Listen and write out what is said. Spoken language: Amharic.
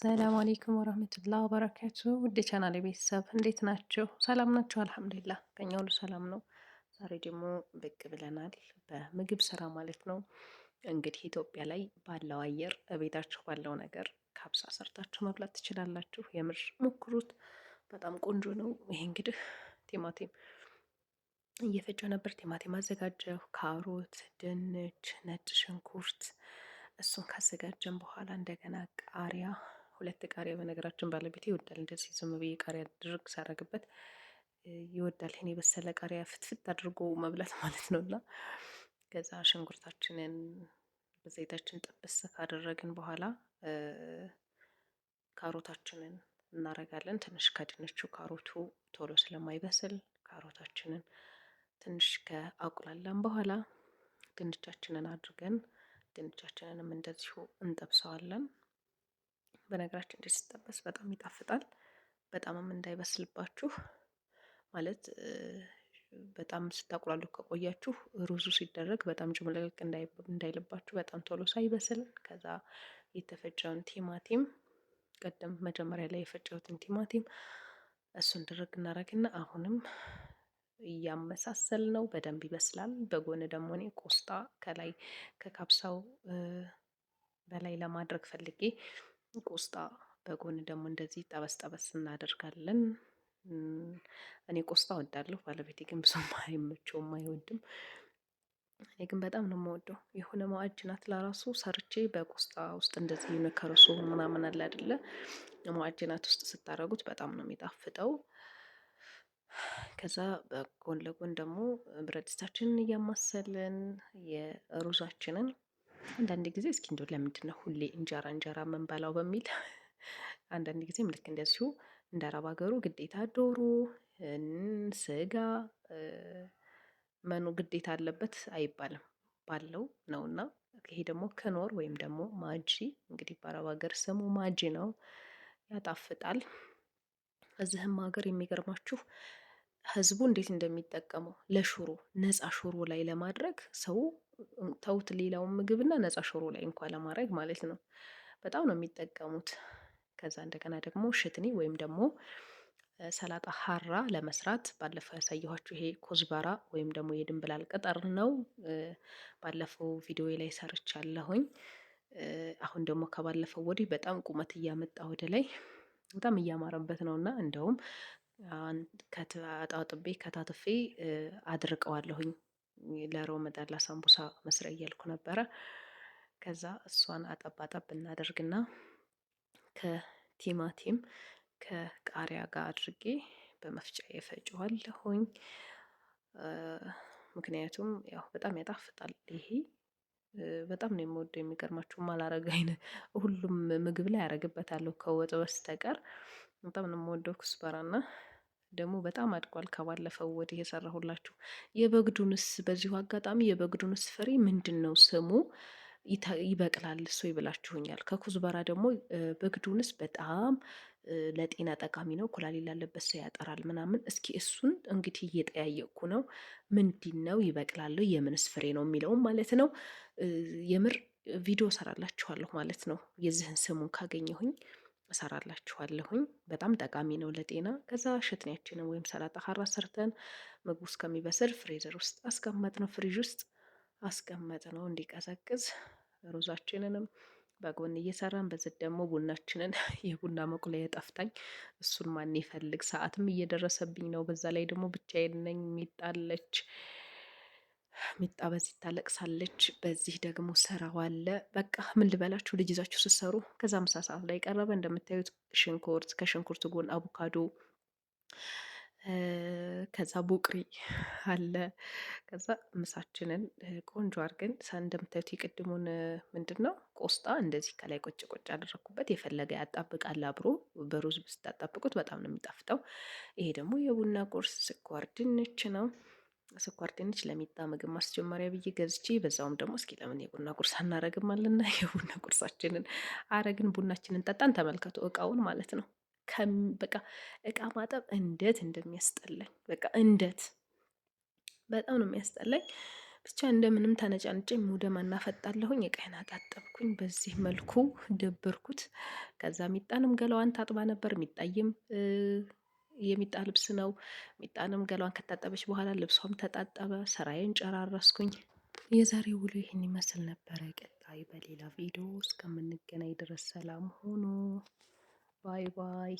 ሰላም አሌይኩም ወረህመቱላ ወበረካቱ ውድ ቻናል ቤተሰብ እንዴት ናቸው? ሰላም ናቸው? አልሐምዱሊላ ከኛ ሁሉ ሰላም ነው። ዛሬ ደግሞ ብቅ ብለናል በምግብ ስራ ማለት ነው። እንግዲህ ኢትዮጵያ ላይ ባለው አየር እቤታችሁ ባለው ነገር ካብሳ ሰርታችሁ መብላት ትችላላችሁ። የምር ሞክሩት፣ በጣም ቆንጆ ነው። ይሄ እንግዲህ ቲማቲም እየፈጨው ነበር። ቲማቲም አዘጋጀው ካሮት፣ ድንች፣ ነጭ ሽንኩርት እሱን ካዘጋጀን በኋላ እንደገና ቃሪያ ሁለት ቃሪያ በነገራችን ባለቤት ይወዳል። እንደዚህ ዝም ብዬ ቃሪያ ድርግ ሳረግበት ይወዳል። ይህን የበሰለ ቃሪያ ፍትፍት አድርጎ መብላት ማለት ነው። እና ከዛ ሽንኩርታችንን በዘይታችን ጥብስ ካደረግን በኋላ ካሮታችንን እናረጋለን። ትንሽ ከድንቹ ካሮቱ ቶሎ ስለማይበስል ካሮታችንን ትንሽ ከአቁላላን በኋላ ድንቻችንን አድርገን ድንቻችንንም እንደዚሁ እንጠብሰዋለን። በነገራችን እንዴት ሲጠበስ በጣም ይጣፍጣል። በጣምም እንዳይበስልባችሁ ማለት በጣም ስታቁላሉ ከቆያችሁ ሩዙ ሲደረግ በጣም ጭምልቅልቅ እንዳይልባችሁ በጣም ቶሎ ሳይበስል ከዛ የተፈጨውን ቲማቲም ቀደም መጀመሪያ ላይ የፈጨሁትን ቲማቲም እሱን ድርግ እናደርግና አሁንም እያመሳሰል ነው። በደንብ ይበስላል። በጎን ደግሞ እኔ ቆስጣ ከላይ ከካብሳው በላይ ለማድረግ ፈልጌ ቆስጣ በጎን ደግሞ እንደዚህ ጠበስ ጠበስ እናደርጋለን። እኔ ቆስጣ ወዳለሁ ባለቤቴ ግን ብዙም አይመቸውም፣ አይወድም። እኔ ግን በጣም ነው የምወደው። የሆነ ማዕድ ናት ለራሱ ሰርቼ በቆስጣ ውስጥ እንደዚህ የሆነ ምናምን አለ አይደለ? ማዕድ ናት ውስጥ ስታደርጉት በጣም ነው የሚጣፍጠው። ከዛ በጎን ለጎን ደግሞ ብረት ድስታችንን እያማሰልን የሩዛችንን አንዳንድ ጊዜ እስኪ እንደው ለምንድን ነው ሁሌ እንጀራ እንጀራ የምንበላው በሚል አንዳንድ ጊዜም ልክ እንደዚሁ እንደ አረብ ሀገሩ ግዴታ ዶሮ ስጋ መኖ ግዴታ አለበት አይባልም። ባለው ነውና ይሄ ደግሞ ክኖር ወይም ደግሞ ማጂ እንግዲህ በአረብ ሀገር ስሙ ማጂ ነው፣ ያጣፍጣል። እዚህም ሀገር የሚገርማችሁ ህዝቡ እንዴት እንደሚጠቀመው ለሽሮ ነፃ ሹሮ ላይ ለማድረግ ሰው ተውት ሌላውን ምግብና ነጻ ሽሮ ላይ እንኳ ለማድረግ ማለት ነው። በጣም ነው የሚጠቀሙት። ከዛ እንደገና ደግሞ ሽትኒ ወይም ደግሞ ሰላጣ ሀራ ለመስራት ባለፈው ያሳየኋችሁ ይሄ ኮዝበራ ወይም ደግሞ የድንብላል ቅጠር ነው። ባለፈው ቪዲዮ ላይ ሰርቻለሁኝ። አሁን ደግሞ ከባለፈው ወዲህ በጣም ቁመት እያመጣ ወደ ላይ በጣም እያማረበት ነው እና እንደውም አጣጥቤ ከታትፌ አድርቀዋለሁኝ ለሮመዳን ለሳምቡሳ መስሪያ እያልኩ ነበረ። ከዛ እሷን አጠባጠብ እናደርግና ከቲማቲም ከቃሪያ ጋር አድርጌ በመፍጫ የፈጨዋለሁኝ። ምክንያቱም ያው በጣም ያጣፍጣል ይሄ በጣም ነው የምወደው። የሚገርማችሁ ማላረግ አይነት ሁሉም ምግብ ላይ ያደርግበታለሁ ከወጥ በስተቀር በጣም ነው የምወደው ኩስበራና ደግሞ በጣም አድጓል ከባለፈው ወዲህ የሰራሁላችሁ። የበግዱንስ በዚሁ አጋጣሚ የበግዱንስ ፍሬ ምንድን ነው ስሙ? ይበቅላል እሱ ይብላችሁኛል። ከኩዝበራ ደግሞ በግዱንስ በጣም ለጤና ጠቃሚ ነው። ኩላሊት ላለበት ሰው ያጠራል ምናምን። እስኪ እሱን እንግዲህ እየጠያየቅኩ ነው። ምንድን ነው ይበቅላል፣ የምንስ ፍሬ ነው የሚለውም ማለት ነው። የምር ቪዲዮ ሰራላችኋለሁ ማለት ነው። የዚህን ስሙን ካገኘሁኝ እሰራላችኋለሁኝ። በጣም ጠቃሚ ነው ለጤና። ከዛ ሽትኒያችንን ወይም ሰላጣ ሀራ ሰርተን ምግቡ እስከሚበስል ፍሬዘር ውስጥ አስቀመጥ ነው ፍሪጅ ውስጥ አስቀመጥ ነው እንዲቀዘቅዝ። ሩዛችንንም በጎን እየሰራን በዚህ ደግሞ ቡናችንን የቡና መቁለያ ጠፍታኝ፣ እሱን ማን ይፈልግ ሰዓትም እየደረሰብኝ ነው። በዛ ላይ ደግሞ ብቻዬን ነኝ። የሚጣለች ሚጣ በዚህ ታለቅሳለች፣ በዚህ ደግሞ ስራው አለ። በቃ ምን ልበላችሁ ልጅ ይዛችሁ ስትሰሩ። ከዛ ምሳ ሰዓት ላይ ቀረበ። እንደምታዩት ሽንኩርት፣ ከሽንኩርት ጎን አቮካዶ፣ ከዛ ቡቅሪ አለ። ከዛ ምሳችንን ቆንጆ አድርገን እንደምታዩት የቅድሙን ምንድን ነው ቆስጣ እንደዚህ ከላይ ቆጭ ቆጭ አደረግኩበት። የፈለገ ያጣብቃል። አብሮ በሩዝ ብስታጣብቁት በጣም ነው የሚጣፍጠው። ይሄ ደግሞ የቡና ቁርስ ስኳር ድንች ነው። ስኳር ድንች ለሚጣ ምግብ ማስጀመሪያ ብዬ ገዝቼ በዛውም ደግሞ እስኪ ለምን የቡና ቁርስ አናረግም አለና የቡና ቁርሳችንን አረግን። ቡናችንን ጠጣን። ተመልከቱ እቃውን ማለት ነው። በቃ እቃ ማጠብ እንዴት እንደሚያስጠላኝ በቃ እንዴት በጣም ነው የሚያስጠላኝ። ብቻ እንደምንም ተነጫንጬ ሙደ ማናፈጣለሁኝ የቀይን አጣጠብኩኝ። በዚህ መልኩ ደበርኩት። ከዛ ሚጣንም ገላዋን ታጥባ ነበር ሚጣይም የሚጣ ልብስ ነው። ሚጣንም ገሏን ከታጠበች በኋላ ልብሷም ተጣጠበ። ስራዬን ጨራረስኩኝ። የዛሬው ውሎ ይህን ይመስል ነበረ። ቀጣይ በሌላ ቪዲዮ እስከምንገናኝ ድረስ ሰላም ሆኖ ባይ ባይ።